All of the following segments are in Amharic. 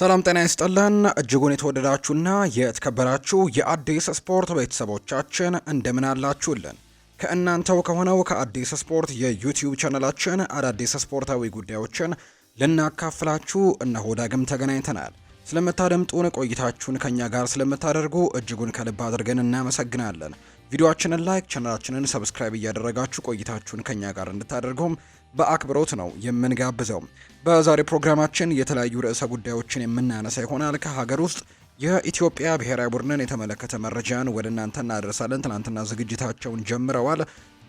ሰላም ጤና ይስጥልን እጅጉን የተወደዳችሁና የተከበራችሁ የአዲስ ስፖርት ቤተሰቦቻችን እንደምን አላችሁልን? ከእናንተው ከሆነው ከአዲስ ስፖርት የዩቲዩብ ቻነላችን አዳዲስ ስፖርታዊ ጉዳዮችን ልናካፍላችሁ እነሆ ዳግም ተገናኝተናል። ስለምታደምጡን ቆይታችሁን ከእኛ ጋር ስለምታደርጉ እጅጉን ከልብ አድርገን እናመሰግናለን። ቪዲዮችንን ላይክ፣ ቻነላችንን ሰብስክራይብ እያደረጋችሁ ቆይታችሁን ከእኛ ጋር እንድታደርጉም በአክብሮት ነው የምንጋብዘው። በዛሬ ፕሮግራማችን የተለያዩ ርዕሰ ጉዳዮችን የምናነሳ ይሆናል። ከሀገር ውስጥ የኢትዮጵያ ብሔራዊ ቡድንን የተመለከተ መረጃን ወደ እናንተ እናደርሳለን። ትናንትና ዝግጅታቸውን ጀምረዋል።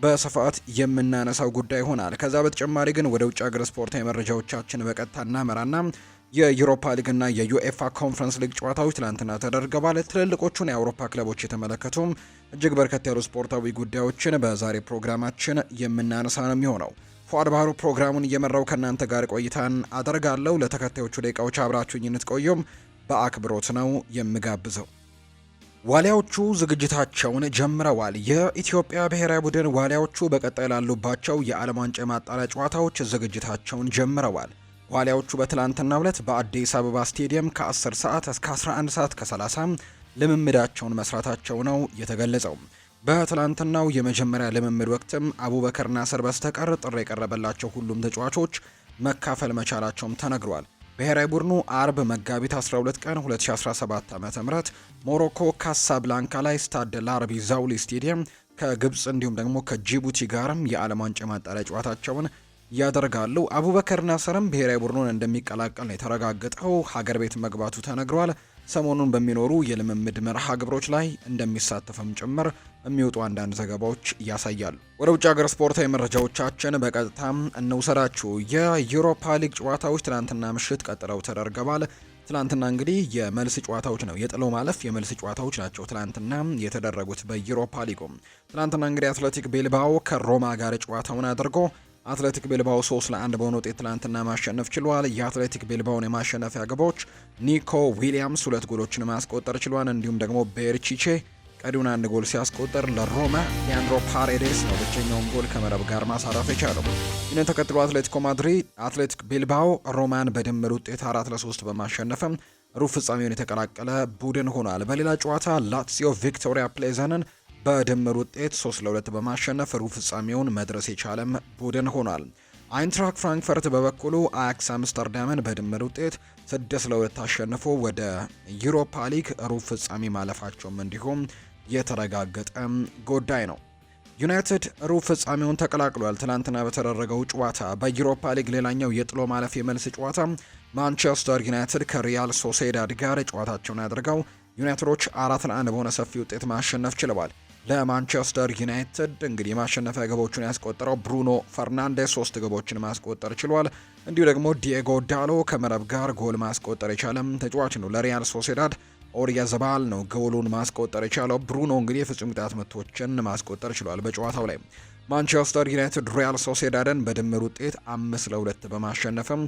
በስፋት የምናነሳው ጉዳይ ይሆናል። ከዛ በተጨማሪ ግን ወደ ውጭ ሀገር ስፖርታዊ መረጃዎቻችን በቀጥታ እናመራና የዩሮፓ ሊግና የዩኤፋ ኮንፈረንስ ሊግ ጨዋታዎች ትላንትና ተደርገዋል። ትልልቆቹን የአውሮፓ ክለቦች የተመለከቱም እጅግ በርከት ያሉ ስፖርታዊ ጉዳዮችን በዛሬ ፕሮግራማችን የምናነሳ ነው የሚሆነው። ፏድ ባህሩ ፕሮግራሙን እየመራው ከእናንተ ጋር ቆይታን አደርጋለሁ። ለተከታዮቹ ደቂቃዎች አብራችሁኝ እንድትቆዩም በአክብሮት ነው የምጋብዘው። ዋሊያዎቹ ዝግጅታቸውን ጀምረዋል። የኢትዮጵያ ብሔራዊ ቡድን ዋሊያዎቹ በቀጣይ ላሉባቸው የዓለም ዋንጫ የማጣሪያ ጨዋታዎች ዝግጅታቸውን ጀምረዋል። ዋሊያዎቹ በትላንትናው ዕለት በአዲስ አበባ ስቴዲየም ከ10 ሰዓት እስከ 11 ሰዓት ከ30 ልምምዳቸውን መስራታቸው ነው የተገለጸው። በትላንትናው የመጀመሪያ ልምምድ ወቅትም አቡበከር ናስር በስተቀር ጥሪ የቀረበላቸው ሁሉም ተጫዋቾች መካፈል መቻላቸውም ተነግሯል። ብሔራዊ ቡድኑ አርብ መጋቢት 12 ቀን 2017 ዓ ም ሞሮኮ ካሳብላንካ ላይ ስታድ ላርቢ ዛውሊ ስቴዲየም ከግብፅ እንዲሁም ደግሞ ከጅቡቲ ጋርም የዓለም ዋንጫ ማጣሪያ ጨዋታቸውን ያደርጋሉ። አቡበከር ናሰርም ብሔራዊ ቡድኑን እንደሚቀላቀል ነው የተረጋገጠው። ሀገር ቤት መግባቱ ተነግሯል። ሰሞኑን በሚኖሩ የልምምድ መርሃ ግብሮች ላይ እንደሚሳተፍም ጭምር የሚወጡ አንዳንድ ዘገባዎች ያሳያሉ። ወደ ውጭ ሀገር ስፖርታዊ መረጃዎቻችን በቀጥታ እንውሰዳችሁ። የዩሮፓ ሊግ ጨዋታዎች ትናንትና ምሽት ቀጥለው ተደርገዋል። ትናንትና እንግዲህ የመልስ ጨዋታዎች ነው የጥሎ ማለፍ የመልስ ጨዋታዎች ናቸው ትናንትና የተደረጉት በዩሮፓ ሊጉ። ትናንትና እንግዲህ አትሌቲክ ቤልባኦ ከሮማ ጋር ጨዋታውን አድርጎ አትሌቲክ ቤልባኦ 3 ለአንድ በሆነ ውጤት ትላንትና ማሸነፍ ችሏል። የአትሌቲክ ቤልባኦን የማሸነፊያ ግቦች ኒኮ ዊሊያምስ ሁለት ጎሎችን ማስቆጠር ችሏል። እንዲሁም ደግሞ ቤርቺቼ ቀሪውን አንድ ጎል ሲያስቆጠር ለሮማ ሊያንድሮ ፓሬዴስ ነው ብቸኛውን ጎል ከመረብ ጋር ማሳረፍ የቻለው። ይህንን ተከትሎ አትሌቲኮ ማድሪድ አትሌቲክ ቢልባኦ ሮማን በድምር ውጤት አራት ለሶስት በማሸነፍም ሩብ ፍጻሜውን የተቀላቀለ ቡድን ሆኗል። በሌላ ጨዋታ ላትሲዮ ቪክቶሪያ ፕሌዘንን በድምር ውጤት 3 ለ2 በማሸነፍ ሩብ ፍጻሜውን መድረስ የቻለም ቡድን ሆኗል። አይንትራክ ፍራንክፈርት በበኩሉ አያክስ አምስተርዳምን በድምር ውጤት 6 ለ2 አሸንፎ ወደ ዩሮፓ ሊግ ሩብ ፍጻሜ ማለፋቸውም እንዲሁም የተረጋገጠ ጉዳይ ነው። ዩናይትድ ሩብ ፍጻሜውን ተቀላቅሏል። ትናንትና በተደረገው ጨዋታ በዩሮፓ ሊግ ሌላኛው የጥሎ ማለፍ የመልስ ጨዋታ ማንቸስተር ዩናይትድ ከሪያል ሶሴዳድ ጋር ጨዋታቸውን አድርገው ዩናይትዶች አራት ለአንድ በሆነ ሰፊ ውጤት ማሸነፍ ችለዋል። ለማንቸስተር ዩናይትድ እንግዲህ የማሸነፊያ ግቦቹን ያስቆጠረው ብሩኖ ፈርናንዴስ ሶስት ግቦችን ማስቆጠር ችሏል። እንዲሁ ደግሞ ዲየጎ ዳሎ ከመረብ ጋር ጎል ማስቆጠር የቻለም ተጫዋች ነው። ለሪያል ሶሴዳድ ኦሪያ ዘባል ነው ጎሉን ማስቆጠር የቻለው። ብሩኖ እንግዲህ የፍጹም ቅጣት ምቶችን ማስቆጠር ችሏል በጨዋታው ላይ። ማንቸስተር ዩናይትድ ሪያል ሶሴዳድን በድምር ውጤት አምስት ለሁለት በማሸነፍም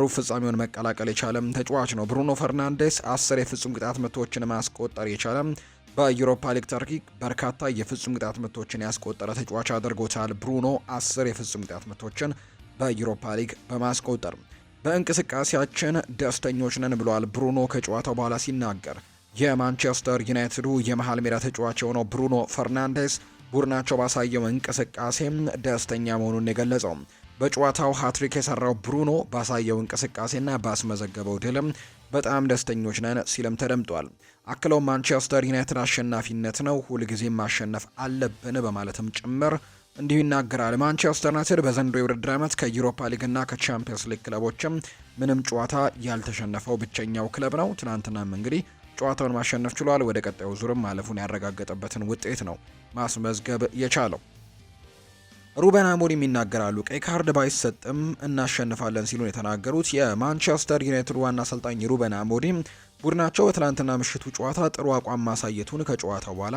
ሩብ ፍጻሜውን መቀላቀል የቻለም ተጫዋች ነው። ብሩኖ ፈርናንዴስ አስር የፍጹም ቅጣት ምቶችን ማስቆጠር የቻለም በዩሮፓ ሊግ ታሪክ በርካታ የፍጹም ቅጣት ምቶችን ያስቆጠረ ተጫዋች አድርጎታል። ብሩኖ አስር የፍጹም ቅጣት ምቶችን በዩሮፓ ሊግ በማስቆጠር በእንቅስቃሴያችን ደስተኞች ነን ብሏል ብሩኖ ከጨዋታው በኋላ ሲናገር። የማንቸስተር ዩናይትዱ የመሃል ሜዳ ተጫዋች የሆነው ብሩኖ ፈርናንዴስ ቡድናቸው ባሳየው እንቅስቃሴም ደስተኛ መሆኑን የገለጸው በጨዋታው ሀትሪክ የሰራው ብሩኖ ባሳየው እንቅስቃሴና ባስመዘገበው ድልም በጣም ደስተኞች ነን ሲልም ተደምጧል። አክለው ማንቸስተር ዩናይትድ አሸናፊነት ነው፣ ሁልጊዜም ማሸነፍ አለብን በማለትም ጭምር እንዲሁ ይናገራል። ማንቸስተር ዩናይትድ በዘንድሮው የውድድር ዓመት ከዩሮፓ ሊግና ከቻምፒየንስ ሊግ ክለቦችም ምንም ጨዋታ ያልተሸነፈው ብቸኛው ክለብ ነው። ትናንትናም እንግዲህ ጨዋታውን ማሸነፍ ችሏል። ወደ ቀጣዩ ዙርም ማለፉን ያረጋገጠበትን ውጤት ነው ማስመዝገብ የቻለው። ሩበን አሞሪም ይናገራሉ። ቀይ ካርድ ባይሰጥም እናሸንፋለን ሲሉን የተናገሩት የማንቸስተር ዩናይትድ ዋና አሰልጣኝ ሩበን አሞሪም ቡድናቸው በትላንትና ምሽቱ ጨዋታ ጥሩ አቋም ማሳየቱን ከጨዋታው በኋላ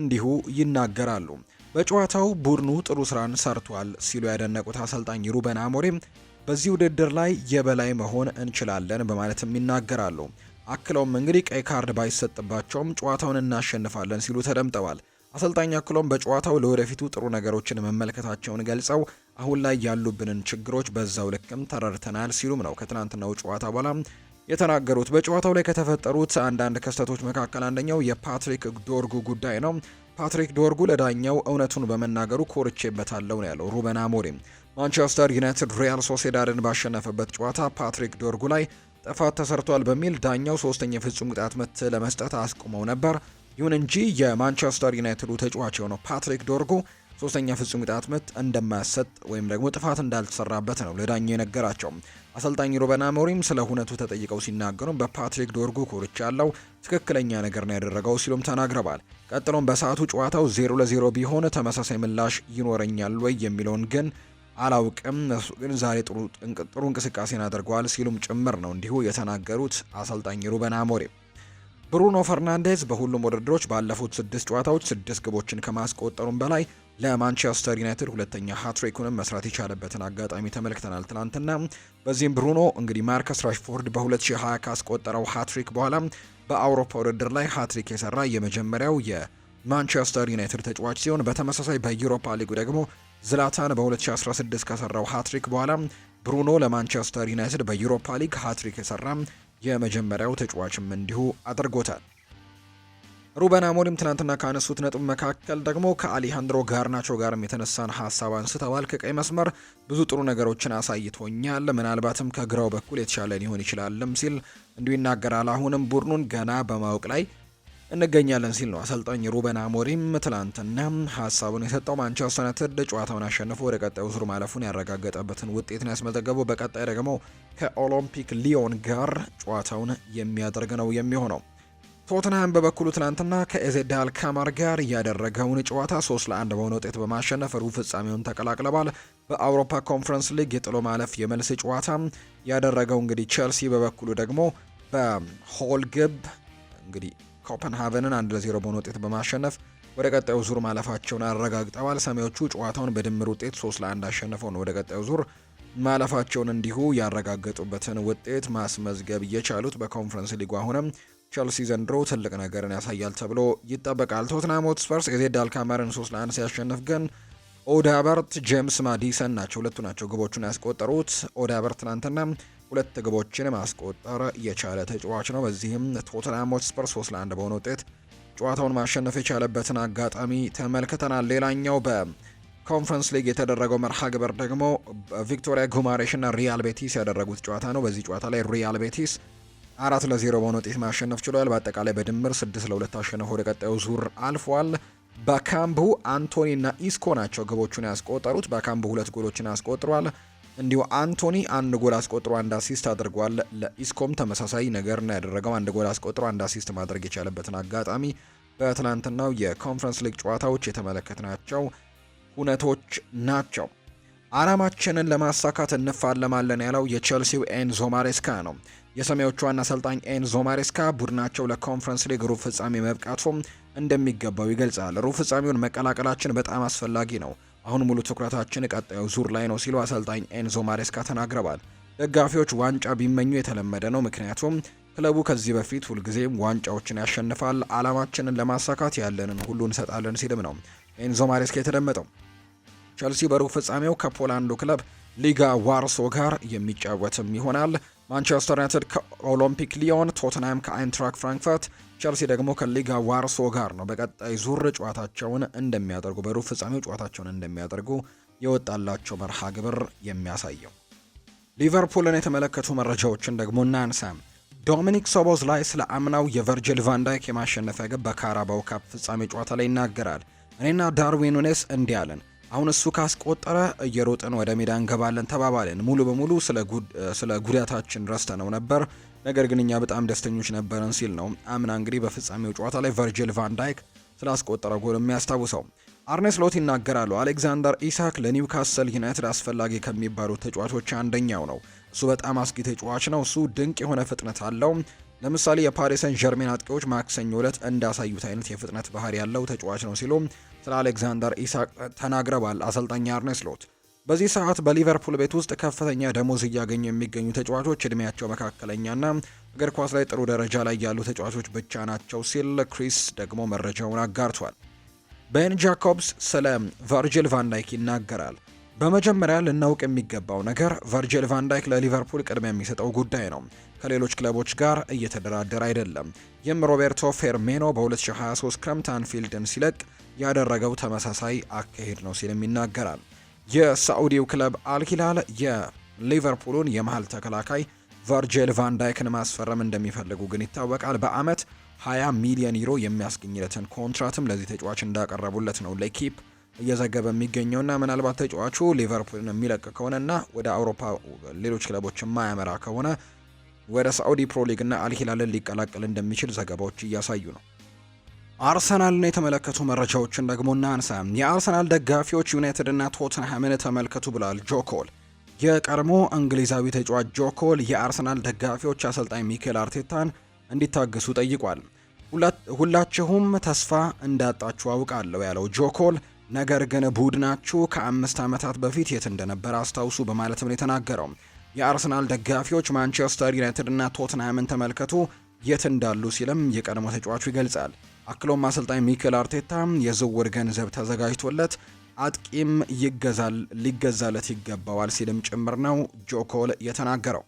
እንዲሁ ይናገራሉ። በጨዋታው ቡድኑ ጥሩ ስራን ሰርቷል ሲሉ ያደነቁት አሰልጣኝ ሩበን አሞሪም በዚህ ውድድር ላይ የበላይ መሆን እንችላለን በማለትም ይናገራሉ። አክለውም እንግዲህ ቀይ ካርድ ባይሰጥባቸውም ጨዋታውን እናሸንፋለን ሲሉ ተደምጠዋል። አሰልጣኝ አክሎም በጨዋታው ለወደፊቱ ጥሩ ነገሮችን መመልከታቸውን ገልጸው አሁን ላይ ያሉብንን ችግሮች በዛው ልክም ተረድተናል ሲሉም ነው ከትናንትናው ጨዋታ በኋላ የተናገሩት። በጨዋታው ላይ ከተፈጠሩት አንዳንድ ክስተቶች መካከል አንደኛው የፓትሪክ ዶርጉ ጉዳይ ነው። ፓትሪክ ዶርጉ ለዳኛው እውነቱን በመናገሩ ኮርቼበታለሁ ነው ያለው ሩበን አሞሪም። ማንቸስተር ዩናይትድ ሪያል ሶሴዳድን ባሸነፈበት ጨዋታ ፓትሪክ ዶርጉ ላይ ጥፋት ተሰርቷል በሚል ዳኛው ሶስተኛ ፍጹም ቅጣት ምት ለመስጠት አስቁመው ነበር። ይሁን እንጂ የማንቸስተር ዩናይትዱ ተጫዋች የሆነው ፓትሪክ ዶርጉ ሶስተኛ ፍጹም ቅጣት ምት እንደማያሰጥ ወይም ደግሞ ጥፋት እንዳልተሰራበት ነው ለዳኛው የነገራቸው። አሰልጣኝ ሩበን አሞሪም ስለ ሁነቱ ተጠይቀው ሲናገሩ በፓትሪክ ዶርጉ ኮርቻ ያለው ትክክለኛ ነገር ነው ያደረገው ሲሉም ተናግረዋል። ቀጥሎም በሰዓቱ ጨዋታው ዜሮ ለዜሮ ቢሆን ተመሳሳይ ምላሽ ይኖረኛል ወይ የሚለውን ግን አላውቅም። እሱ ግን ዛሬ ጥሩ እንቅስቃሴን አድርገዋል ሲሉም ጭምር ነው እንዲሁ የተናገሩት አሰልጣኝ ሩበን አሞሪም። ብሩኖ ፈርናንዴዝ በሁሉም ውድድሮች ባለፉት ስድስት ጨዋታዎች ስድስት ግቦችን ከማስቆጠሩም በላይ ለማንቸስተር ዩናይትድ ሁለተኛ ሀትሪኩንም መስራት የቻለበትን አጋጣሚ ተመልክተናል ትናንትና። በዚህም ብሩኖ እንግዲህ ማርከስ ራሽፎርድ በ2020 ካስቆጠረው ሀትሪክ በኋላ በአውሮፓ ውድድር ላይ ሀትሪክ የሰራ የመጀመሪያው የማንቸስተር ዩናይትድ ተጫዋች ሲሆን በተመሳሳይ በዩሮፓ ሊጉ ደግሞ ዝላታን በ2016 ከሰራው ሀትሪክ በኋላ ብሩኖ ለማንቸስተር ዩናይትድ በዩሮፓ ሊግ ሀትሪክ የሰራ የመጀመሪያው ተጫዋችም እንዲሁ አድርጎታል። ሩበን አሞሪም ትናንትና ካነሱት ነጥብ መካከል ደግሞ ከአሊሃንድሮ ጋርናቾ ጋርም የተነሳን ሀሳብ አንስተዋል። ከቀይ መስመር ብዙ ጥሩ ነገሮችን አሳይቶኛል፣ ምናልባትም ከግራው በኩል የተሻለ ሊሆን ይችላልም ሲል እንዲሁ ይናገራል። አሁንም ቡድኑን ገና በማወቅ ላይ እንገኛለን ሲል ነው አሰልጣኝ ሩበን አሞሪም ትላንትና ሀሳቡን የሰጠው። ማንቸስተር ዩናይትድ ጨዋታውን አሸንፎ ወደ ቀጣዩ ዙር ማለፉን ያረጋገጠበትን ውጤት ነው ያስመዘገበው። በቀጣይ ደግሞ ከኦሎምፒክ ሊዮን ጋር ጨዋታውን የሚያደርግ ነው የሚሆነው። ቶትንሃም በበኩሉ ትናንትና ከኤዜድ አልካማር ጋር ያደረገውን ጨዋታ ሶስት ለአንድ በሆነ ውጤት በማሸነፍ ሩብ ፍጻሜውን ተቀላቅለዋል። በአውሮፓ ኮንፈረንስ ሊግ የጥሎ ማለፍ የመልስ ጨዋታ ያደረገው እንግዲህ ቼልሲ በበኩሉ ደግሞ በሆል ግብ እንግዲህ ኮፐንሃቨንን አንድ ለዜሮ በሆነ ውጤት በማሸነፍ ወደ ቀጣዩ ዙር ማለፋቸውን አረጋግጠዋል። ሰሜዎቹ ጨዋታውን በድምር ውጤት ሶስት ለአንድ አሸንፈው ነው ወደ ቀጣዩ ዙር ማለፋቸውን እንዲሁ ያረጋገጡበትን ውጤት ማስመዝገብ እየቻሉት በኮንፈረንስ ሊጉ አሁንም ቸልሲ ዘንድሮ ትልቅ ነገርን ያሳያል ተብሎ ይጠበቃል። ቶትናም ሆትስፐርስ የዜድ አልካመርን 3 ለ1 ሲያሸንፍ ግን ኦዳበርት፣ ጄምስ ማዲሰን ናቸው ሁለቱ ናቸው ግቦቹን ያስቆጠሩት። ኦዳበርት ትናንትና ሁለት ግቦችን ማስቆጠር የቻለ ተጫዋች ነው። በዚህም ቶትናም ሆትስፐርስ 3 ለ1 በሆነ ውጤት ጨዋታውን ማሸነፍ የቻለበትን አጋጣሚ ተመልክተናል። ሌላኛው በኮንፈረንስ ሊግ የተደረገው መርሃ ግብር ደግሞ ቪክቶሪያ ጉማሬሽ ጉማሬሽና ሪያል ቤቲስ ያደረጉት ጨዋታ ነው። በዚህ ጨዋታ ላይ ሪያል ቤቲስ አራት ለዜሮ በሆነ ውጤት ማሸነፍ ችሏል። በአጠቃላይ በድምር ስድስት ለሁለት አሸነፈ ወደ ቀጣዩ ዙር አልፏል። በካምቡ አንቶኒ እና ኢስኮ ናቸው ግቦቹን ያስቆጠሩት። በካምቡ ሁለት ጎሎችን አስቆጥሯል። እንዲሁ አንቶኒ አንድ ጎል አስቆጥሮ አንድ አሲስት አድርጓል። ለኢስኮም ተመሳሳይ ነገር ነው ያደረገው። አንድ ጎል አስቆጥሮ አንድ አሲስት ማድረግ የቻለበትን አጋጣሚ በትናንትናው የኮንፈረንስ ሊግ ጨዋታዎች የተመለከትናቸው ሁነቶች ናቸው። አላማችንን ለማሳካት እንፋለማለን ያለው የቼልሲው ኤንዞ ማሬስካ ነው። የሰማዮቹ ዋና አሰልጣኝ ኤንዞ ማሬስካ ቡድናቸው ለኮንፈረንስ ሊግ ሩብ ፍጻሜ መብቃቱ እንደሚገባው ይገልጻል። ሩብ ፍጻሜውን መቀላቀላችን በጣም አስፈላጊ ነው። አሁን ሙሉ ትኩረታችን ቀጣዩ ዙር ላይ ነው ሲሉ አሰልጣኝ ኤንዞ ማሬስካ ተናግረዋል። ደጋፊዎች ዋንጫ ቢመኙ የተለመደ ነው፣ ምክንያቱም ክለቡ ከዚህ በፊት ሁልጊዜም ዋንጫዎችን ያሸንፋል። አላማችንን ለማሳካት ያለንን ሁሉ እንሰጣለን ሲልም ነው ኤንዞ ማሬስካ የተደመጠው። ቸልሲ በሩብ ፍጻሜው ከፖላንዱ ክለብ ሊጋ ዋርሶ ጋር የሚጫወትም ይሆናል። ማንቸስተር ዩናይትድ ከኦሎምፒክ ሊዮን፣ ቶትንሃም ከአይንትራክ ፍራንክፈርት፣ ቸልሲ ደግሞ ከሊጋ ዋርሶ ጋር ነው በቀጣይ ዙር ጨዋታቸውን እንደሚያደርጉ በሩብ ፍጻሜው ጨዋታቸውን እንደሚያደርጉ የወጣላቸው መርሃ ግብር የሚያሳየው። ሊቨርፑልን የተመለከቱ መረጃዎችን ደግሞ እናንሳ። ዶሚኒክ ሶቦዝ ላይ ስለ አምናው የቨርጅል ቫንዳይክ የማሸነፊያ ግብ በካራባው ካፕ ፍጻሜ ጨዋታ ላይ ይናገራል። እኔና ዳርዊን ኑኔስ እንዲህ አለን አሁን እሱ ካስቆጠረ እየሮጥን ወደ ሜዳ እንገባለን ተባባልን። ሙሉ በሙሉ ስለ ጉዳታችን ረስተ ነው ነበር፣ ነገር ግን እኛ በጣም ደስተኞች ነበርን ሲል ነው አምና እንግዲህ በፍጻሜው ጨዋታ ላይ ቨርጅል ቫንዳይክ ስላስቆጠረ ጎል የሚያስታውሰው። አርኔ ስሎት ይናገራሉ። አሌክዛንደር ኢሳክ ለኒውካስል ዩናይትድ አስፈላጊ ከሚባሉ ተጫዋቾች አንደኛው ነው። እሱ በጣም አስጊ ተጫዋች ነው። እሱ ድንቅ የሆነ ፍጥነት አለው። ለምሳሌ የፓሪሰን ጀርሜን አጥቂዎች ማክሰኞ ዕለት እንዳሳዩት አይነት የፍጥነት ባህሪ ያለው ተጫዋች ነው ሲሉ ስለ አሌክዛንደር ኢሳቅ ተናግረዋል አሰልጣኝ አርነ ስሎት። በዚህ ሰዓት በሊቨርፑል ቤት ውስጥ ከፍተኛ ደሞዝ እያገኙ የሚገኙ ተጫዋቾች እድሜያቸው መካከለኛና እግር ኳስ ላይ ጥሩ ደረጃ ላይ ያሉ ተጫዋቾች ብቻ ናቸው ሲል ክሪስ ደግሞ መረጃውን አጋርቷል። ቤን ጃኮብስ ስለ ቨርጅል ቫንዳይክ ይናገራል። በመጀመሪያ ልናውቅ የሚገባው ነገር ቨርጂል ቫንዳይክ ለሊቨርፑል ቅድሚያ የሚሰጠው ጉዳይ ነው። ከሌሎች ክለቦች ጋር እየተደራደረ አይደለም። ይህም ሮቤርቶ ፌርሜኖ በ2023 ክረምት አንፊልድን ሲለቅ ያደረገው ተመሳሳይ አካሄድ ነው ሲልም ይናገራል። የሳዑዲው ክለብ አልኪላል የሊቨርፑሉን የመሃል ተከላካይ ቨርጅል ቫንዳይክን ማስፈረም እንደሚፈልጉ ግን ይታወቃል። በአመት 20 ሚሊዮን ዩሮ የሚያስገኝለትን ኮንትራትም ለዚህ ተጫዋች እንዳቀረቡለት ነው ለኪፕ እየዘገበ የሚገኘውና ምናልባት ተጫዋቹ ሊቨርፑልን የሚለቅ ከሆነና ወደ አውሮፓ ሌሎች ክለቦች የማያመራ ከሆነ ወደ ሳዑዲ ፕሮ ሊግና አልሂላልን ሊቀላቀል እንደሚችል ዘገባዎች እያሳዩ ነው። አርሰናልን የተመለከቱ መረጃዎችን ደግሞ እናንሳ። የአርሰናል ደጋፊዎች ዩናይትድና ቶትንሃምን ተመልከቱ ብለዋል ጆኮል የቀድሞ እንግሊዛዊ ተጫዋች ጆኮል የአርሰናል ደጋፊዎች አሰልጣኝ ሚኬል አርቴታን እንዲታገሱ ጠይቋል። ሁላችሁም ተስፋ እንዳጣችሁ አውቃለሁ ያለው ጆኮል ነገር ግን ቡድናችሁ ከአምስት ዓመታት በፊት የት እንደነበረ አስታውሱ በማለትም ነው የተናገረው። የአርሰናል ደጋፊዎች ማንቸስተር ዩናይትድና ቶትንሃምን ተመልከቱ የት እንዳሉ ሲልም የቀድሞ ተጫዋቹ ይገልጻል። አክሎም አሰልጣኝ ሚኬል አርቴታ የዝውውር ገንዘብ ተዘጋጅቶለት አጥቂም ይገዛል ሊገዛለት ይገባዋል ሲልም ጭምር ነው ጆኮል የተናገረው።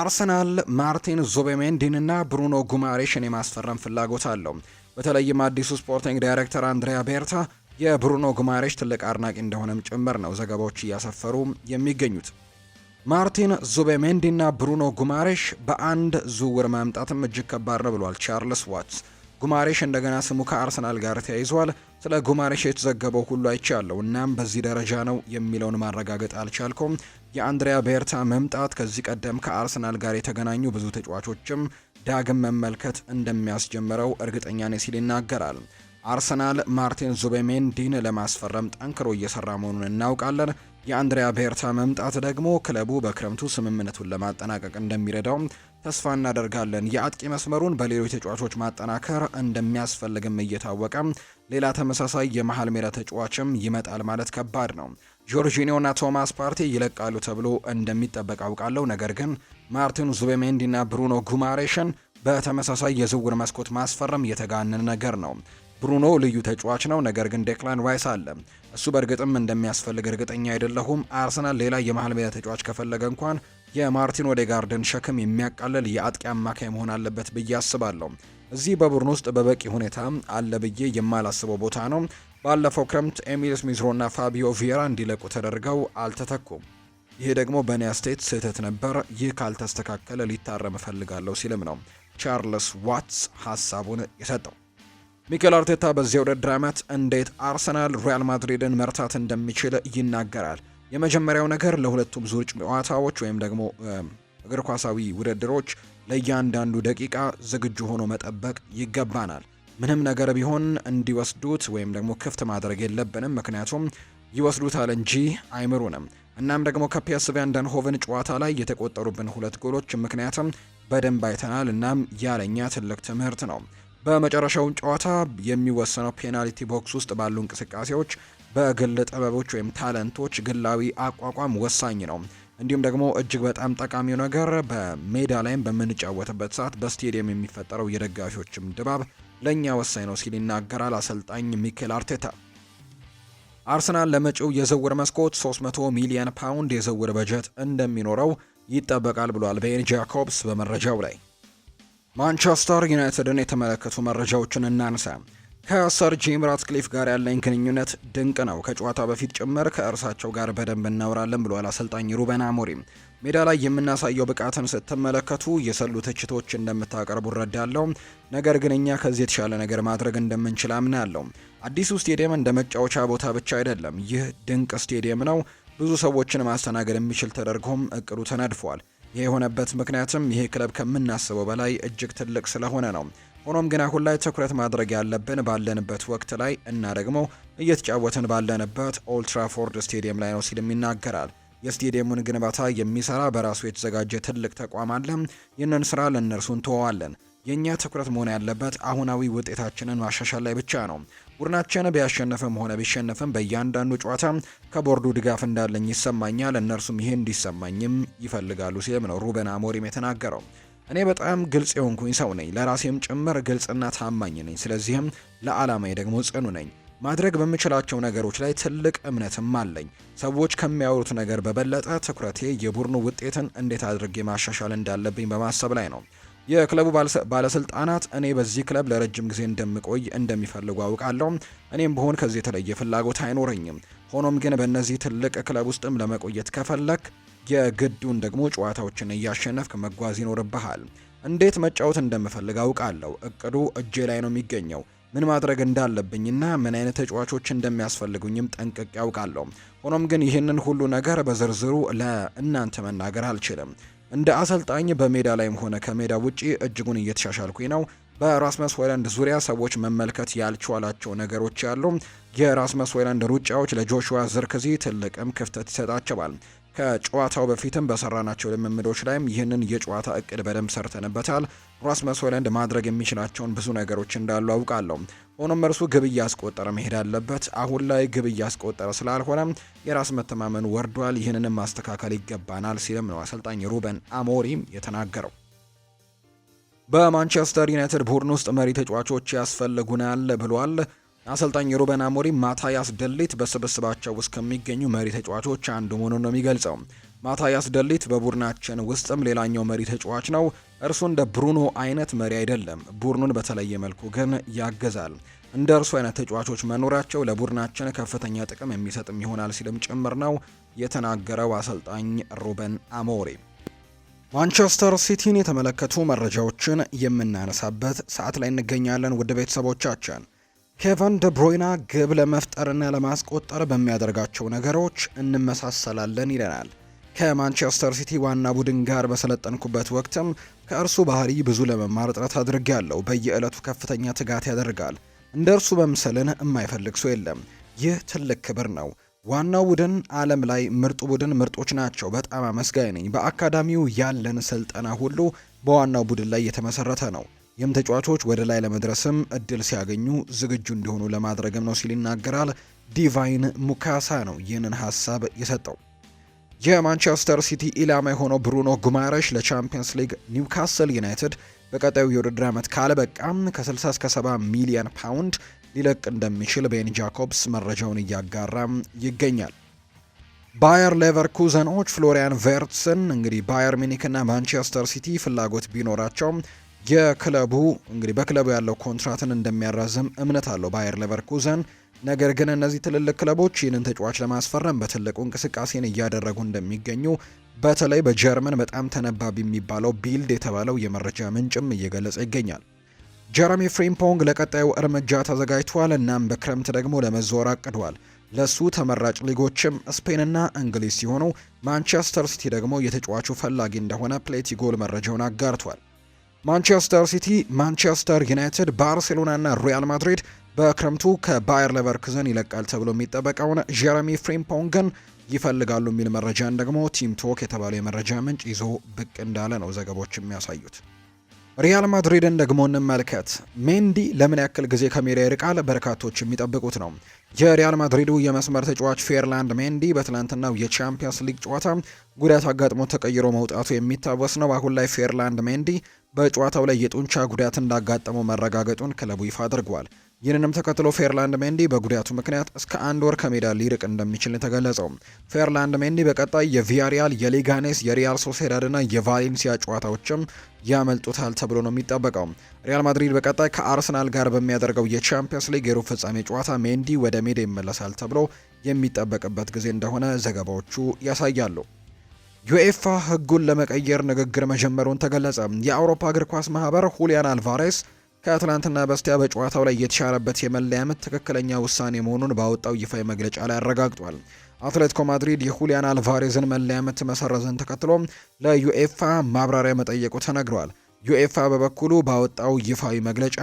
አርሰናል ማርቲን ዙቤሜንዲንና ብሩኖ ጉማሬሽን የማስፈረም ፍላጎት አለው። በተለይም አዲሱ ስፖርቲንግ ዳይሬክተር አንድሪያ ቤርታ የብሩኖ ጉማሬሽ ትልቅ አድናቂ እንደሆነም ጭምር ነው ዘገባዎች እያሰፈሩ የሚገኙት። ማርቲን ዙቤሜንዲና ብሩኖ ጉማሬሽ በአንድ ዝውውር ማምጣትም እጅግ ከባድ ነው ብሏል ቻርልስ ዋትስ ጉማሬሽ እንደገና ስሙ ከአርሰናል ጋር ተያይዟል። ስለ ጉማሬሽ የተዘገበው ሁሉ አይቻለሁ። እናም በዚህ ደረጃ ነው የሚለውን ማረጋገጥ አልቻልኩም። የአንድሪያ ቤርታ መምጣት ከዚህ ቀደም ከአርሰናል ጋር የተገናኙ ብዙ ተጫዋቾችም ዳግም መመልከት እንደሚያስጀምረው እርግጠኛ ነኝ ሲል ይናገራል። አርሰናል ማርቲን ዙቤሜንዲን ለማስፈረም ጠንክሮ እየሰራ መሆኑን እናውቃለን። የአንድሪያ ቤርታ መምጣት ደግሞ ክለቡ በክረምቱ ስምምነቱን ለማጠናቀቅ እንደሚረዳው ተስፋ እናደርጋለን። የአጥቂ መስመሩን በሌሎች ተጫዋቾች ማጠናከር እንደሚያስፈልግም እየታወቀ ሌላ ተመሳሳይ የመሀል ሜዳ ተጫዋችም ይመጣል ማለት ከባድ ነው። ጆርጂኒዮና ቶማስ ፓርቲ ይለቃሉ ተብሎ እንደሚጠበቅ አውቃለሁ። ነገር ግን ማርቲን ዙቤሜንዲና ብሩኖ ጉማሬሽን በተመሳሳይ የዝውውር መስኮት ማስፈረም የተጋነነ ነገር ነው። ብሩኖ ልዩ ተጫዋች ነው፣ ነገር ግን ዴክላን ራይስ አለ። እሱ በእርግጥም እንደሚያስፈልግ እርግጠኛ አይደለሁም። አርሰናል ሌላ የመሀል ሜዳ ተጫዋች ከፈለገ እንኳን የማርቲን ኦዴጋርድን ሸክም የሚያቃልል የአጥቂ አማካይ መሆን አለበት ብዬ አስባለሁ። እዚህ በቡድን ውስጥ በበቂ ሁኔታ አለ ብዬ የማላስበው ቦታ ነው። ባለፈው ክረምት ኤሚል ስሚዝሮና ፋቢዮ ቪየራ እንዲለቁ ተደርገው አልተተኩም። ይሄ ደግሞ በኔ አስተያየት ስህተት ነበር። ይህ ካልተስተካከለ ሊታረም እፈልጋለሁ ሲልም ነው ቻርልስ ዋትስ ሀሳቡን የሰጠው። ሚኬል አርቴታ በዚያ ውድድር ዓመት እንዴት አርሰናል ሪያል ማድሪድን መርታት እንደሚችል ይናገራል። የመጀመሪያው ነገር ለሁለቱም ዙር ጨዋታዎች ወይም ደግሞ እግር ኳሳዊ ውድድሮች ለእያንዳንዱ ደቂቃ ዝግጁ ሆኖ መጠበቅ ይገባናል። ምንም ነገር ቢሆን እንዲወስዱት ወይም ደግሞ ክፍት ማድረግ የለብንም፣ ምክንያቱም ይወስዱታል እንጂ አይምሩንም። እናም ደግሞ ከፒኤስቪ አይንድሆቨን ጨዋታ ላይ የተቆጠሩብን ሁለት ጎሎች ምክንያትም በደንብ አይተናል። እናም ያለኛ ትልቅ ትምህርት ነው። በመጨረሻውን ጨዋታ የሚወሰነው ፔናልቲ ቦክስ ውስጥ ባሉ እንቅስቃሴዎች በግል ጥበቦች ወይም ታለንቶች ግላዊ አቋቋም ወሳኝ ነው። እንዲሁም ደግሞ እጅግ በጣም ጠቃሚው ነገር በሜዳ ላይም በምንጫወትበት ሰዓት በስቴዲየም የሚፈጠረው የደጋፊዎችም ድባብ ለእኛ ወሳኝ ነው ሲል ይናገራል አሰልጣኝ ሚኬል አርቴታ። አርሰናል ለመጪው የዝውውር መስኮት 300 ሚሊዮን ፓውንድ የዝውውር በጀት እንደሚኖረው ይጠበቃል ብሏል ቤን ጃኮብስ በመረጃው ላይ። ማንቸስተር ዩናይትድን የተመለከቱ መረጃዎችን እናንሳ። ከሰር ጂም ራትክሊፍ ጋር ያለኝ ግንኙነት ድንቅ ነው። ከጨዋታ በፊት ጭምር ከእርሳቸው ጋር በደንብ እናወራለን ብሏል አሰልጣኝ ሩበን አሞሪም። ሜዳ ላይ የምናሳየው ብቃትን ስትመለከቱ የሰሉ ትችቶች እንደምታቀርቡ እረዳለሁ። ነገር ግን እኛ ከዚህ የተሻለ ነገር ማድረግ እንደምንችል አምናለሁ። አዲሱ ስቴዲየም እንደ መጫወቻ ቦታ ብቻ አይደለም። ይህ ድንቅ ስቴዲየም ነው። ብዙ ሰዎችን ማስተናገድ የሚችል ተደርጎም እቅዱ ተነድፏል። ይህ የሆነበት ምክንያትም ይሄ ክለብ ከምናስበው በላይ እጅግ ትልቅ ስለሆነ ነው። ሆኖም ግን አሁን ላይ ትኩረት ማድረግ ያለብን ባለንበት ወቅት ላይ እና ደግሞ እየተጫወትን ባለንበት ኦልትራፎርድ ስቴዲየም ላይ ነው ሲልም ይናገራል። የስቴዲየሙን ግንባታ የሚሰራ በራሱ የተዘጋጀ ትልቅ ተቋም አለ። ይህንን ስራ ለእነርሱ እንተዋዋለን። የእኛ ትኩረት መሆን ያለበት አሁናዊ ውጤታችንን ማሻሻል ላይ ብቻ ነው። ቡድናችን ቢያሸንፍም ሆነ ቢሸንፍም በእያንዳንዱ ጨዋታ ከቦርዱ ድጋፍ እንዳለኝ ይሰማኛል። እነርሱም ይሄ እንዲሰማኝም ይፈልጋሉ ሲልም ነው ሩበን አሞሪም የተናገረው። እኔ በጣም ግልጽ የሆንኩኝ ሰው ነኝ፣ ለራሴም ጭምር ግልጽና ታማኝ ነኝ። ስለዚህም ለዓላማዬ ደግሞ ጽኑ ነኝ። ማድረግ በምችላቸው ነገሮች ላይ ትልቅ እምነትም አለኝ። ሰዎች ከሚያወሩት ነገር በበለጠ ትኩረቴ የቡድኑ ውጤትን እንዴት አድርጌ ማሻሻል እንዳለብኝ በማሰብ ላይ ነው። የክለቡ ባለስልጣናት እኔ በዚህ ክለብ ለረጅም ጊዜ እንደምቆይ እንደሚፈልጉ አውቃለሁ። እኔም ብሆን ከዚህ የተለየ ፍላጎት አይኖረኝም። ሆኖም ግን በእነዚህ ትልቅ ክለብ ውስጥም ለመቆየት ከፈለክ የግዱን ደግሞ ጨዋታዎችን እያሸነፍክ መጓዝ ይኖርብሃል። እንዴት መጫወት እንደምፈልግ አውቃለሁ። እቅዱ እጄ ላይ ነው የሚገኘው። ምን ማድረግ እንዳለብኝና ምን አይነት ተጫዋቾች እንደሚያስፈልጉኝም ጠንቅቄ ያውቃለሁ። ሆኖም ግን ይህንን ሁሉ ነገር በዝርዝሩ ለእናንተ መናገር አልችልም። እንደ አሰልጣኝ በሜዳ ላይም ሆነ ከሜዳ ውጪ እጅጉን እየተሻሻልኩኝ ነው። በራስመስ ሆይላንድ ዙሪያ ሰዎች መመልከት ያልቻሏቸው ነገሮች ያሉ የራስመስ ሆይላንድ ሩጫዎች ለጆሹዋ ዝርክዚ ትልቅም ክፍተት ይሰጣቸዋል። ከጨዋታው በፊትም በሰራናቸው ልምምዶች ላይም ይህንን የጨዋታ እቅድ በደንብ ሰርተንበታል። ራስመስ ሆይሉንድ ማድረግ የሚችላቸውን ብዙ ነገሮች እንዳሉ አውቃለሁ። ሆኖም እርሱ ግብ እያስቆጠረ መሄድ አለበት። አሁን ላይ ግብ እያስቆጠረ ስላልሆነ የራስ መተማመን ወርዷል። ይህንንም ማስተካከል ይገባናል ሲልም ነው አሰልጣኝ ሩበን አሞሪም የተናገረው። በማንቸስተር ዩናይትድ ቡድን ውስጥ መሪ ተጫዋቾች ያስፈልጉናል ብሏል። አሰልጣኝ ሩበን አሞሪም ማታያስ ደሊት በስብስባቸው ውስጥ ከሚገኙ መሪ ተጫዋቾች አንዱ መሆኑን ነው የሚገልጸው። ማታያስ ደሊት በቡድናችን ውስጥም ሌላኛው መሪ ተጫዋች ነው። እርሱ እንደ ብሩኖ አይነት መሪ አይደለም፣ ቡድኑን በተለየ መልኩ ግን ያግዛል። እንደ እርሱ አይነት ተጫዋቾች መኖራቸው ለቡድናችን ከፍተኛ ጥቅም የሚሰጥም ይሆናል ሲልም ጭምር ነው የተናገረው አሰልጣኝ ሩበን አሞሪ። ማንቸስተር ሲቲን የተመለከቱ መረጃዎችን የምናነሳበት ሰዓት ላይ እንገኛለን ውድ ቤተሰቦቻችን ኬቨን ደብሮይና ግብ ለመፍጠርና ለማስቆጠር በሚያደርጋቸው ነገሮች እንመሳሰላለን ይለናል። ከማንቸስተር ሲቲ ዋና ቡድን ጋር በሰለጠንኩበት ወቅትም ከእርሱ ባህሪ ብዙ ለመማር ጥረት አድርጌያለሁ። በየዕለቱ ከፍተኛ ትጋት ያደርጋል። እንደ እርሱ መምሰልን የማይፈልግ ሰው የለም። ይህ ትልቅ ክብር ነው። ዋናው ቡድን ዓለም ላይ ምርጡ ቡድን ምርጦች ናቸው። በጣም አመስጋኝ ነኝ። በአካዳሚው ያለን ስልጠና ሁሉ በዋናው ቡድን ላይ የተመሰረተ ነው። ይህም ተጫዋቾች ወደ ላይ ለመድረስም እድል ሲያገኙ ዝግጁ እንዲሆኑ ለማድረግም ነው ሲል ይናገራል። ዲቫይን ሙካሳ ነው ይህንን ሀሳብ የሰጠው። የማንቸስተር ሲቲ ኢላማ የሆነው ብሩኖ ጉማረሽ ለቻምፒየንስ ሊግ ኒውካስል ዩናይትድ በቀጣዩ የውድድር ዓመት ካልበቃም ከ60 እስከ 70 ሚሊዮን ፓውንድ ሊለቅ እንደሚችል ቤን ጃኮብስ መረጃውን እያጋራም ይገኛል። ባየር ሌቨርኩዘኖች ፍሎሪያን ቬርትስን እንግዲህ ባየር ሚኒክና ማንቸስተር ሲቲ ፍላጎት ቢኖራቸውም የክለቡ እንግዲህ በክለቡ ያለው ኮንትራትን እንደሚያራዝም እምነት አለው ባየር ሌቨርኩዘን። ነገር ግን እነዚህ ትልልቅ ክለቦች ይህንን ተጫዋች ለማስፈረም በትልቁ እንቅስቃሴን እያደረጉ እንደሚገኙ በተለይ በጀርመን በጣም ተነባቢ የሚባለው ቢልድ የተባለው የመረጃ ምንጭም እየገለጸ ይገኛል። ጀረሚ ፍሪምፖንግ ለቀጣዩ እርምጃ ተዘጋጅቷል። እናም በክረምት ደግሞ ለመዘወር አቅዷል። ለሱ ተመራጭ ሊጎችም ስፔንና እንግሊዝ ሲሆኑ ማንቸስተር ሲቲ ደግሞ የተጫዋቹ ፈላጊ እንደሆነ ፕሌቲ ጎል መረጃውን አጋርቷል። ማንቸስተር ሲቲ፣ ማንቸስተር ዩናይትድ፣ ባርሴሎና ና ሪያል ማድሪድ በክረምቱ ከባየር ለቨርኩዘን ይለቃል ተብሎ የሚጠበቀውን ጀረሚ ፍሪምፖንግን ይፈልጋሉ የሚል መረጃን ደግሞ ቲም ቶክ የተባለው የመረጃ ምንጭ ይዞ ብቅ እንዳለ ነው ዘገቦች የሚያሳዩት። ሪያል ማድሪድን ደግሞ እንመልከት። ሜንዲ ለምን ያክል ጊዜ ከሜዳ ይርቃል? በርካቶች የሚጠብቁት ነው። የሪያል ማድሪዱ የመስመር ተጫዋች ፌርላንድ ሜንዲ በትናንትናው የቻምፒየንስ ሊግ ጨዋታ ጉዳት አጋጥሞ ተቀይሮ መውጣቱ የሚታወስ ነው። አሁን ላይ ፌርላንድ ሜንዲ በጨዋታው ላይ የጡንቻ ጉዳት እንዳጋጠመው መረጋገጡን ክለቡ ይፋ አድርጓል። ይህንንም ተከትሎ ፌርላንድ ሜንዲ በጉዳቱ ምክንያት እስከ አንድ ወር ከሜዳ ሊርቅ እንደሚችል የተገለጸው ፌርላንድ ሜንዲ በቀጣይ የቪያሪያል፣ የሊጋኔስ የሪያል ሶሴዳድና የቫሌንሲያ ጨዋታዎችም ያመልጡታል ተብሎ ነው የሚጠበቀው። ሪያል ማድሪድ በቀጣይ ከአርሰናል ጋር በሚያደርገው የቻምፒየንስ ሊግ የሩብ ፍጻሜ ጨዋታ ሜንዲ ወደ ሜዳ ይመለሳል ተብሎ የሚጠበቅበት ጊዜ እንደሆነ ዘገባዎቹ ያሳያሉ። ዩኤፋ ህጉን ለመቀየር ንግግር መጀመሩን ተገለጸ። የአውሮፓ እግር ኳስ ማህበር ሁሊያን አልቫሬስ ከትናንትና በስቲያ በጨዋታው ላይ የተሻረበት የመለያ ምት ትክክለኛ ውሳኔ መሆኑን ባወጣው ይፋዊ መግለጫ ላይ አረጋግጧል። አትሌቲኮ ማድሪድ የሁሊያን አልቫሬዝን መለያ ምት መሰረዝን ተከትሎ ለዩኤፋ ማብራሪያ መጠየቁ ተነግሯል። ዩኤፋ በበኩሉ ባወጣው ይፋዊ መግለጫ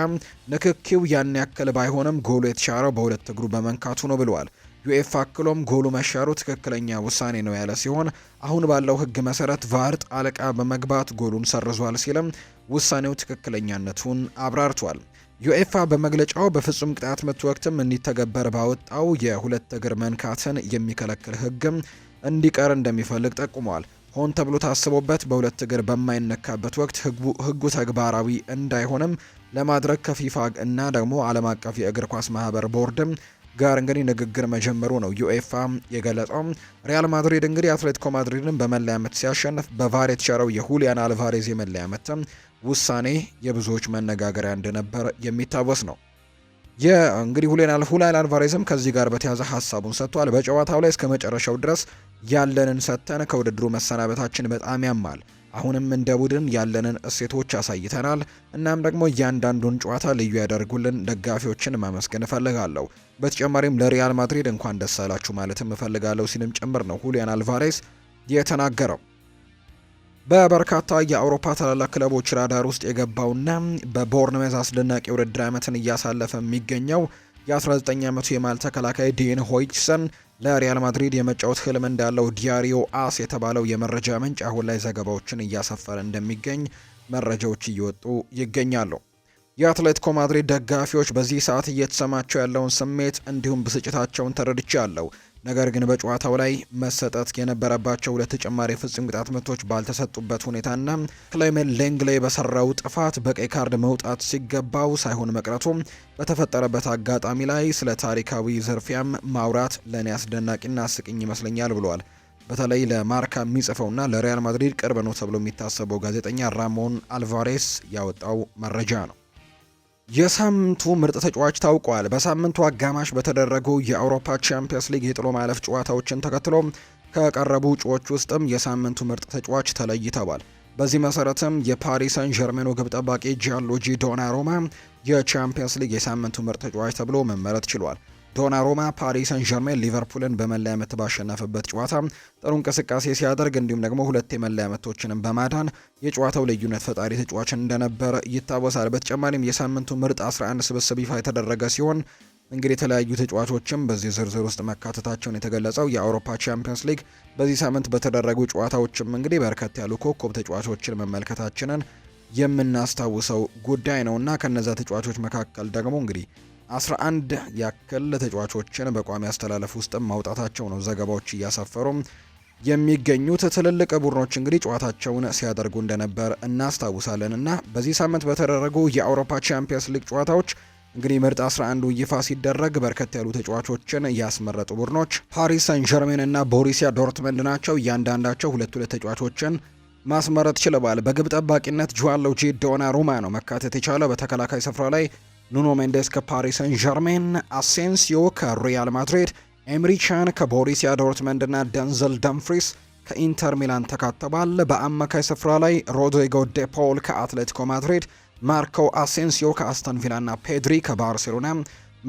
ንክኪው ያን ያክል ባይሆንም ጎሉ የተሻረው በሁለት እግሩ በመንካቱ ነው ብለዋል። ዩኤፋ አክሎም ጎሉ መሻሩ ትክክለኛ ውሳኔ ነው ያለ ሲሆን አሁን ባለው ሕግ መሰረት ቫር ጣልቃ በመግባት ጎሉን ሰርዟል ሲልም ውሳኔው ትክክለኛነቱን አብራርቷል። ዩኤፋ በመግለጫው በፍጹም ቅጣት ምት ወቅትም እንዲተገበር ባወጣው የሁለት እግር መንካትን የሚከለክል ሕግም እንዲቀር እንደሚፈልግ ጠቁሟል። ሆን ተብሎ ታስቦበት በሁለት እግር በማይነካበት ወቅት ሕጉ ተግባራዊ እንዳይሆንም ለማድረግ ከፊፋ እና ደግሞ ዓለም አቀፍ የእግር ኳስ ማህበር ቦርድም ጋር እንግዲህ ንግግር መጀመሩ ነው ዩኤፋ የገለጸው። ሪያል ማድሪድ እንግዲህ አትሌቲኮ ማድሪድን በመለያ ምት ሲያሸንፍ በቫር የተሻረው የሁሊያን አልቫሬዝ የመለያ ምትም ውሳኔ የብዙዎች መነጋገሪያ እንደነበር የሚታወስ ነው። የእንግዲህ ሁሌናል ሁላይል አልቫሬዝም ከዚህ ጋር በተያዘ ሀሳቡን ሰጥቷል። በጨዋታው ላይ እስከ መጨረሻው ድረስ ያለንን ሰጥተን ከውድድሩ መሰናበታችን በጣም ያማል አሁንም እንደ ቡድን ያለንን እሴቶች አሳይተናል። እናም ደግሞ እያንዳንዱን ጨዋታ ልዩ ያደርጉልን ደጋፊዎችን ማመስገን እፈልጋለሁ። በተጨማሪም ለሪያል ማድሪድ እንኳን ደስ አላችሁ ማለትም እፈልጋለሁ ሲልም ጭምር ነው ሁሊያን አልቫሬስ የተናገረው። በበርካታ የአውሮፓ ታላላቅ ክለቦች ራዳር ውስጥ የገባውና በቦርንመዝ አስደናቂ ውድድር ዓመትን እያሳለፈ የሚገኘው የ19 ዓመቱ የማል ተከላካይ ዲን ሆይችሰን ለሪያል ማድሪድ የመጫወት ህልም እንዳለው ዲያሪዮ አስ የተባለው የመረጃ ምንጭ አሁን ላይ ዘገባዎችን እያሰፈረ እንደሚገኝ መረጃዎች እየወጡ ይገኛሉ። የአትሌቲኮ ማድሪድ ደጋፊዎች በዚህ ሰዓት እየተሰማቸው ያለውን ስሜት እንዲሁም ብስጭታቸውን ተረድቻለሁ። ነገር ግን በጨዋታው ላይ መሰጠት የነበረባቸው ሁለት ተጨማሪ የፍጹም ቅጣት ምቶች ባልተሰጡበት ሁኔታና ክላይሜን ሌንግሌ በሰራው ጥፋት በቀይ ካርድ መውጣት ሲገባው ሳይሆን መቅረቱ በተፈጠረበት አጋጣሚ ላይ ስለ ታሪካዊ ዝርፊያም ማውራት ለእኔ አስደናቂና አስቂኝ ይመስለኛል ብሏል። በተለይ ለማርካ የሚጽፈውና ለሪያል ማድሪድ ቅርብ ነው ተብሎ የሚታሰበው ጋዜጠኛ ራሞን አልቫሬስ ያወጣው መረጃ ነው። የሳምንቱ ምርጥ ተጫዋች ታውቋል። በሳምንቱ አጋማሽ በተደረጉ የአውሮፓ ቻምፒየንስ ሊግ የጥሎ ማለፍ ጨዋታዎችን ተከትሎ ከቀረቡ እጩዎች ውስጥም የሳምንቱ ምርጥ ተጫዋች ተለይተዋል። በዚህ መሰረትም የፓሪስ ሰን ዠርሜኑ ግብ ጠባቂ ጂያንሉጂ ዶናሩማ የቻምፒየንስ ሊግ የሳምንቱ ምርጥ ተጫዋች ተብሎ መመረጥ ችሏል። ዶናሩማ ፓሪስ ሰን ዠርሜን ሊቨርፑልን በመለያ ምት ባሸነፈበት ጨዋታ ጥሩ እንቅስቃሴ ሲያደርግ እንዲሁም ደግሞ ሁለት የመለያ ምቶችንም በማዳን የጨዋታው ልዩነት ፈጣሪ ተጫዋች እንደነበር ይታወሳል። በተጨማሪም የሳምንቱ ምርጥ 11 ስብስብ ይፋ የተደረገ ሲሆን እንግዲህ የተለያዩ ተጫዋቾችም በዚህ ዝርዝር ውስጥ መካተታቸውን የተገለጸው የአውሮፓ ቻምፒየንስ ሊግ በዚህ ሳምንት በተደረጉ ጨዋታዎችም እንግዲህ በርከት ያሉ ኮከብ ተጫዋቾችን መመልከታችንን የምናስታውሰው ጉዳይ እና ከነዛ ተጫዋቾች መካከል ደግሞ እንግዲህ 11 ያክል ተጫዋቾችን በቋሚ አስተላለፍ ውስጥም ማውጣታቸው ነው ዘገባዎች እያሰፈሩ የሚገኙት። ትልልቅ ቡድኖች እንግዲህ ጨዋታቸውን ሲያደርጉ እንደነበር እናስታውሳለን እና በዚህ ሳምንት በተደረጉ የአውሮፓ ቻምፒየንስ ሊግ ጨዋታዎች እንግዲህ ምርጥ 11ዱ ይፋ ሲደረግ በርከት ያሉ ተጫዋቾችን ያስመረጡ ቡድኖች ፓሪስ ሰን ዠርሜን እና ቦሪሲያ ዶርትመንድ ናቸው። እያንዳንዳቸው ሁለት ሁለት ተጫዋቾችን ማስመረጥ ችለዋል። በግብ ጠባቂነት ጁዋን ሎጂ ዶና ሩማ ነው መካተት የቻለው። በተከላካይ ስፍራ ላይ ኑኖ ሜንዴስ ከፓሪስ ሰን ዠርሜን፣ አሴንሲዮ ከሪያል ማድሪድ፣ ኤምሪቻን ከቦሪሲያ ዶርትመንድ እና ደንዘል ደምፍሪስ ከኢንተር ሚላን ተካተዋል። በአማካይ ስፍራ ላይ ሮድሪጎ ዴፖል ከአትሌቲኮ ማድሪድ፣ ማርኮ አሴንሲዮ ከአስተን ቪላ ና ፔድሪ ከባርሴሎና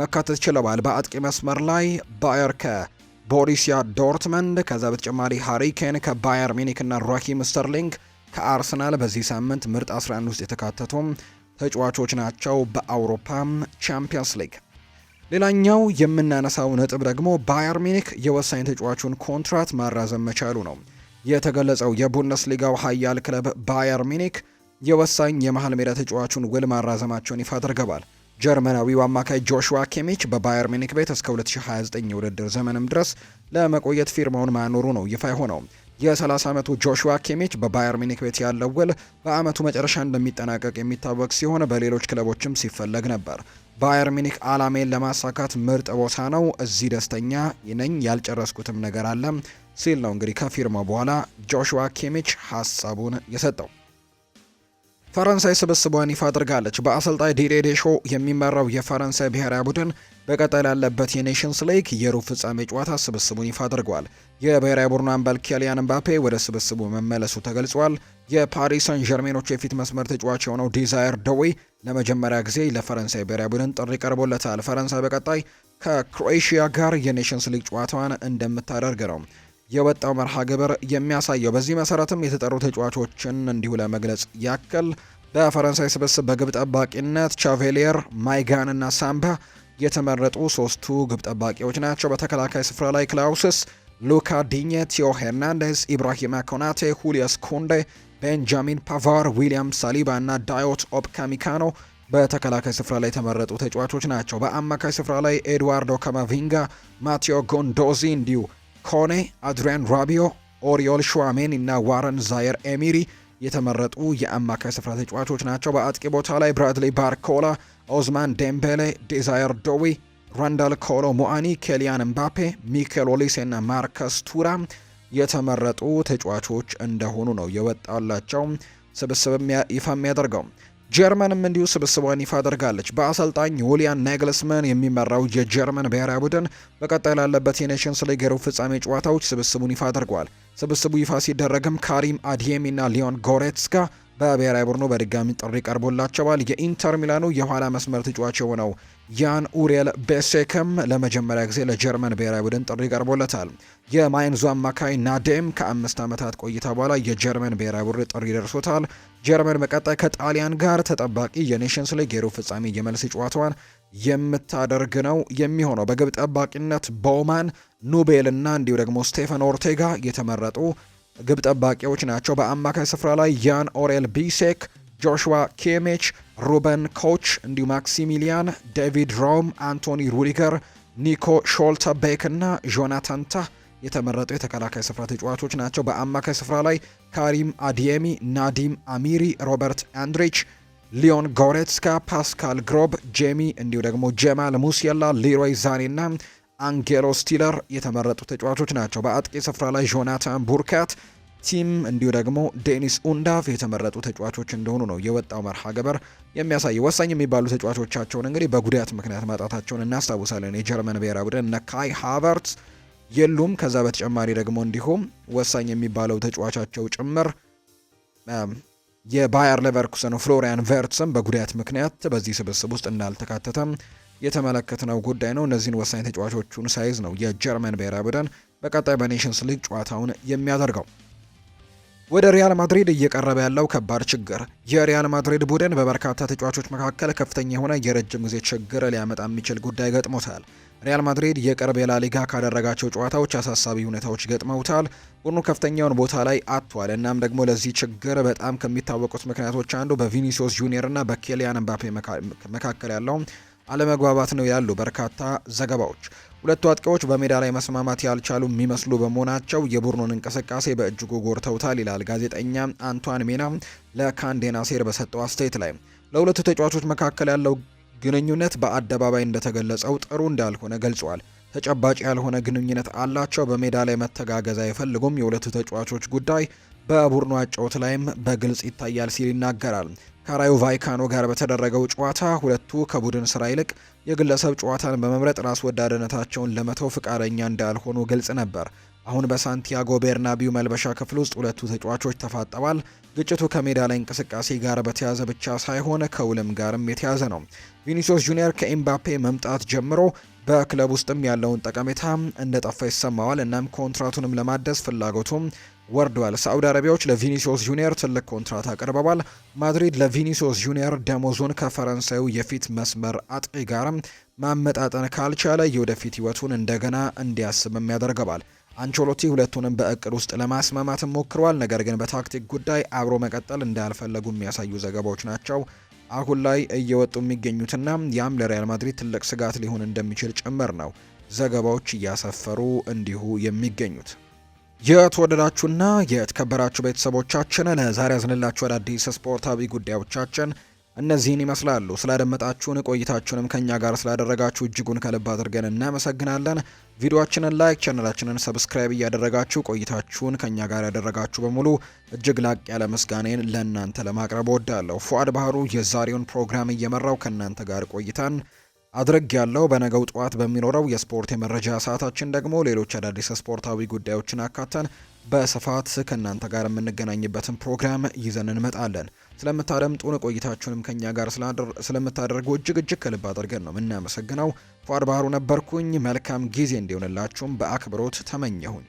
መካተት ችለዋል። በአጥቂ መስመር ላይ ባየር ከቦሪሲያ ዶርትመንድ፣ ከዛ በተጨማሪ ሃሪኬን ከባየር ሚኒክ ና ራኪም ስተርሊንግ ከአርሰናል በዚህ ሳምንት ምርጥ 11 ውስጥ የተካተቱ ተጫዋቾች ናቸው በአውሮፓ ቻምፒየንስ ሊግ። ሌላኛው የምናነሳው ነጥብ ደግሞ ባየር ሚኒክ የወሳኝ ተጫዋቹን ኮንትራት ማራዘም መቻሉ ነው። የተገለጸው የቡንደስሊጋው ኃያል ክለብ ባየር ሚኒክ የወሳኝ የመሃል ሜዳ ተጫዋቹን ውል ማራዘማቸውን ይፋ አድርገዋል። ጀርመናዊው አማካይ ጆሹዋ ኬሚች በባየር ሚኒክ ቤት እስከ 2029 የውድድር ዘመንም ድረስ ለመቆየት ፊርማውን ማኖሩ ነው ይፋ የሆነው። የ30 ዓመቱ ጆሹዋ ኪሚች በባየር ሚኒክ ቤት ያለው ውል በአመቱ መጨረሻ እንደሚጠናቀቅ የሚታወቅ ሲሆን በሌሎች ክለቦችም ሲፈለግ ነበር። ባየር ሚኒክ አላሜን ለማሳካት ምርጥ ቦታ ነው፣ እዚህ ደስተኛ ነኝ፣ ያልጨረስኩትም ነገር አለ ሲል ነው እንግዲህ ከፊርማ በኋላ ጆሹዋ ኪሚች ሀሳቡን የሰጠው። ፈረንሳይ ስብስቧን ይፋ አድርጋለች። በአሰልጣኝ ዲዴ ዴሾ የሚመራው የፈረንሳይ ብሔራዊ ቡድን በቀጣይ ላለበት የኔሽንስ ሊግ የሩብ ፍጻሜ ጨዋታ ስብስቡን ይፋ አድርጓል። የብሔራዊ ቡድኑ አምበል ኬሊያን ምባፔ ወደ ስብስቡ መመለሱ ተገልጿል። የፓሪስ ሰን ዠርሜኖች የፊት መስመር ተጫዋች የሆነው ዲዛይር ደዌ ለመጀመሪያ ጊዜ ለፈረንሳይ ብሔራዊ ቡድን ጥሪ ቀርቦለታል። ፈረንሳይ በቀጣይ ከክሮኤሽያ ጋር የኔሽንስ ሊግ ጨዋታዋን እንደምታደርግ ነው የወጣው መርሃ ግብር የሚያሳየው። በዚህ መሰረትም የተጠሩ ተጫዋቾችን እንዲሁ ለመግለጽ ያክል በፈረንሳይ ስብስብ በግብ ጠባቂነት ቻቬሊየር፣ ማይጋን እና ሳምባ የተመረጡ ሶስቱ ግብ ጠባቂዎች ናቸው። በተከላካይ ስፍራ ላይ ክላውስስ፣ ሉካ ዲኘ፣ ቲዮ ሄርናንዴዝ፣ ኢብራሂማ ኮናቴ፣ ሁሊያስ ኩንዴ፣ ቤንጃሚን ፓቫር፣ ዊሊያም ሳሊባ እና ዳዮት ኦፕካሚካኖ በተከላካይ ስፍራ ላይ የተመረጡ ተጫዋቾች ናቸው። በአማካይ ስፍራ ላይ ኤድዋርዶ ካማቪንጋ፣ ማቴዮ ጎንዶዚ እንዲሁ ኮኔ፣ አድሪያን ራቢዮ፣ ኦሪዮል ሹዋሜኒ እና ዋረን ዛየር ኤሚሪ የተመረጡ የአማካይ ስፍራ ተጫዋቾች ናቸው። በአጥቂ ቦታ ላይ ብራድሊ ባርኮላ፣ ኦዝማን ዴምቤሌ፣ ዴዛየር ዶዊ፣ ራንዳል ኮሎ ሙአኒ፣ ኬሊያን ምባፔ፣ ሚኬል ኦሊሴ ና ማርከስ ቱራ የተመረጡ ተጫዋቾች እንደሆኑ ነው የወጣላቸው ስብስብ ይፋ የሚያደርገው። ጀርመንም እንዲሁ ስብስቧን ይፋ አድርጋለች። በአሰልጣኝ ዩሊያን ናግልስመን የሚመራው የጀርመን ብሔራዊ ቡድን በቀጣይ ላለበት የኔሽንስ ሊግ ሩብ ፍጻሜ ጨዋታዎች ስብስቡን ይፋ አድርጓል። ስብስቡ ይፋ ሲደረግም ካሪም አድየሚ እና ሊዮን ጎሬትስካ በብሔራዊ ቡድኑ በድጋሚ ጥሪ ቀርቦላቸዋል። የኢንተር ሚላኑ የኋላ መስመር ተጫዋች የሆነው ያን ኡሪል ቤሴክም ለመጀመሪያ ጊዜ ለጀርመን ብሔራዊ ቡድን ጥሪ ቀርቦለታል። የማይንዙ አማካይ ናዴም ከአምስት ዓመታት ቆይታ በኋላ የጀርመን ብሔራዊ ቡድን ጥሪ ደርሶታል። ጀርመን በቀጣይ ከጣሊያን ጋር ተጠባቂ የኔሽንስ ሊግ የሩብ ፍጻሜ የመልስ ጨዋታዋን የምታደርግ ነው የሚሆነው። በግብ ጠባቂነት ቦማን ኑቤል እና እንዲሁ ደግሞ ስቴፈን ኦርቴጋ የተመረጡ ግብ ጠባቂዎች ናቸው። በአማካይ ስፍራ ላይ ያን ኦሬል ቢሴክ፣ ጆሹዋ ኬሜች፣ ሩበን ኮች እንዲሁ ማክሲሚሊያን፣ ዴቪድ ሮም፣ አንቶኒ ሩዲገር፣ ኒኮ ሾልተ ቤክ እና ጆናታን ታህ የተመረጡ የተከላካይ ስፍራ ተጫዋቾች ናቸው። በአማካይ ስፍራ ላይ ካሪም አዲየሚ፣ ናዲም አሚሪ፣ ሮበርት አንድሪች፣ ሊዮን ጎሬትስካ፣ ፓስካል ግሮብ፣ ጄሚ እንዲሁ ደግሞ ጀማል ሙሲያላ፣ ሊሮይ ዛኔ ና አንጌሎ ስቲለር የተመረጡ ተጫዋቾች ናቸው። በአጥቂ ስፍራ ላይ ጆናታን ቡርካት ቲም እንዲሁ ደግሞ ዴኒስ ኡንዳፍ የተመረጡ ተጫዋቾች እንደሆኑ ነው የወጣው መርሃ ገበር የሚያሳየው። ወሳኝ የሚባሉ ተጫዋቾቻቸውን እንግዲህ በጉዳት ምክንያት ማጣታቸውን እናስታውሳለን። የጀርመን ብሔራዊ ቡድን እነ ካይ ሃቨርትስ የሉም። ከዛ በተጨማሪ ደግሞ እንዲሁም ወሳኝ የሚባለው ተጫዋቻቸው ጭምር የባየር ሌቨርኩሰኑ ፍሎሪያን ቨርትስም በጉዳት ምክንያት በዚህ ስብስብ ውስጥ እንዳልተካተተም የተመለከትነው ጉዳይ ነው። እነዚህን ወሳኝ ተጫዋቾቹን ሳይዝ ነው የጀርመን ብሔራዊ ቡድን በቀጣይ በኔሽንስ ሊግ ጨዋታውን የሚያደርገው። ወደ ሪያል ማድሪድ እየቀረበ ያለው ከባድ ችግር የሪያል ማድሪድ ቡድን በበርካታ ተጫዋቾች መካከል ከፍተኛ የሆነ የረጅም ጊዜ ችግር ሊያመጣ የሚችል ጉዳይ ገጥሞታል። ሪያል ማድሪድ የቅርብ የላሊጋ ካደረጋቸው ጨዋታዎች አሳሳቢ ሁኔታዎች ገጥመውታል። ቡድኑ ከፍተኛውን ቦታ ላይ አጥቷል። እናም ደግሞ ለዚህ ችግር በጣም ከሚታወቁት ምክንያቶች አንዱ በቪኒሲዮስ ጁኒየር እና በኬሊያን ምባፔ መካከል ያለው አለመግባባት ነው ያሉ በርካታ ዘገባዎች። ሁለቱ አጥቂዎች በሜዳ ላይ መስማማት ያልቻሉ የሚመስሉ በመሆናቸው የቡድኑን እንቅስቃሴ በእጅጉ ጎድተውታል ይላል ጋዜጠኛ አንቷን ሜና ለካንዴ ናሴር በሰጠው አስተያየት ላይ። ለሁለቱ ተጫዋቾች መካከል ያለው ግንኙነት በአደባባይ እንደተገለጸው ጥሩ እንዳልሆነ ገልጿል። ተጨባጭ ያልሆነ ግንኙነት አላቸው፣ በሜዳ ላይ መተጋገዝ አይፈልጉም። የሁለቱ ተጫዋቾች ጉዳይ በቡድኑ አጨዋወት ላይም በግልጽ ይታያል ሲል ይናገራል። ካራዩ ቫይካኖ ጋር በተደረገው ጨዋታ ሁለቱ ከቡድን ስራ ይልቅ የግለሰብ ጨዋታን በመምረጥ ራስ ወዳድነታቸውን ለመተው ፍቃደኛ እንዳልሆኑ ግልጽ ነበር። አሁን በሳንቲያጎ ቤርናቢው መልበሻ ክፍል ውስጥ ሁለቱ ተጫዋቾች ተፋጠዋል። ግጭቱ ከሜዳ ላይ እንቅስቃሴ ጋር በተያዘ ብቻ ሳይሆን ከውልም ጋርም የተያዘ ነው። ቪኒሲዮስ ጁኒየር ከኤምባፔ መምጣት ጀምሮ በክለብ ውስጥም ያለውን ጠቀሜታ እንደጠፋ ይሰማዋል። እናም ኮንትራቱንም ለማደስ ፍላጎቱም ወርዷል። ሳዑዲ አረቢያዎች ለቪኒሲዮስ ጁኒየር ትልቅ ኮንትራት አቅርበዋል። ማድሪድ ለቪኒሲዮስ ጁኒየር ደሞዙን ከፈረንሳዩ የፊት መስመር አጥቂ ጋርም ማመጣጠን ካልቻለ የወደፊት ሕይወቱን እንደገና እንዲያስብም ያደርገዋል። አንቾሎቲ ሁለቱንም በእቅድ ውስጥ ለማስማማት ሞክረዋል። ነገር ግን በታክቲክ ጉዳይ አብሮ መቀጠል እንዳልፈለጉ የሚያሳዩ ዘገባዎች ናቸው አሁን ላይ እየወጡ የሚገኙትና ያም ለሪያል ማድሪድ ትልቅ ስጋት ሊሆን እንደሚችል ጭምር ነው ዘገባዎች እያሰፈሩ እንዲሁ የሚገኙት። የተወደዳችሁና የተከበራችሁ ቤተሰቦቻችን ለዛሬ ያዝንላችሁ አዳዲስ ስፖርታዊ ጉዳዮቻችን እነዚህን ይመስላሉ። ስላደመጣችሁን ቆይታችሁንም ከኛ ጋር ስላደረጋችሁ እጅጉን ከልብ አድርገን እናመሰግናለን። ቪዲዮችንን ላይክ፣ ቻነላችንን ሰብስክራይብ እያደረጋችሁ ቆይታችሁን ከኛ ጋር ያደረጋችሁ በሙሉ እጅግ ላቅ ያለ ምስጋኔን ለእናንተ ለማቅረብ ወዳለሁ። ፉአድ ባህሩ የዛሬውን ፕሮግራም እየመራው ከእናንተ ጋር ቆይታን አድረግ ያለው። በነገው ጠዋት በሚኖረው የስፖርት የመረጃ ሰዓታችን ደግሞ ሌሎች አዳዲስ ስፖርታዊ ጉዳዮችን አካተን በስፋት ከእናንተ ጋር የምንገናኝበትን ፕሮግራም ይዘን እንመጣለን። ስለምታደምጡን ቆይታችሁንም ከኛ ጋር ስለምታደርጉ እጅግ እጅግ ከልብ አድርገን ነው የምናመሰግነው። ፏድ ባህሩ ነበርኩኝ። መልካም ጊዜ እንዲሆንላችሁም በአክብሮት ተመኘሁኝ።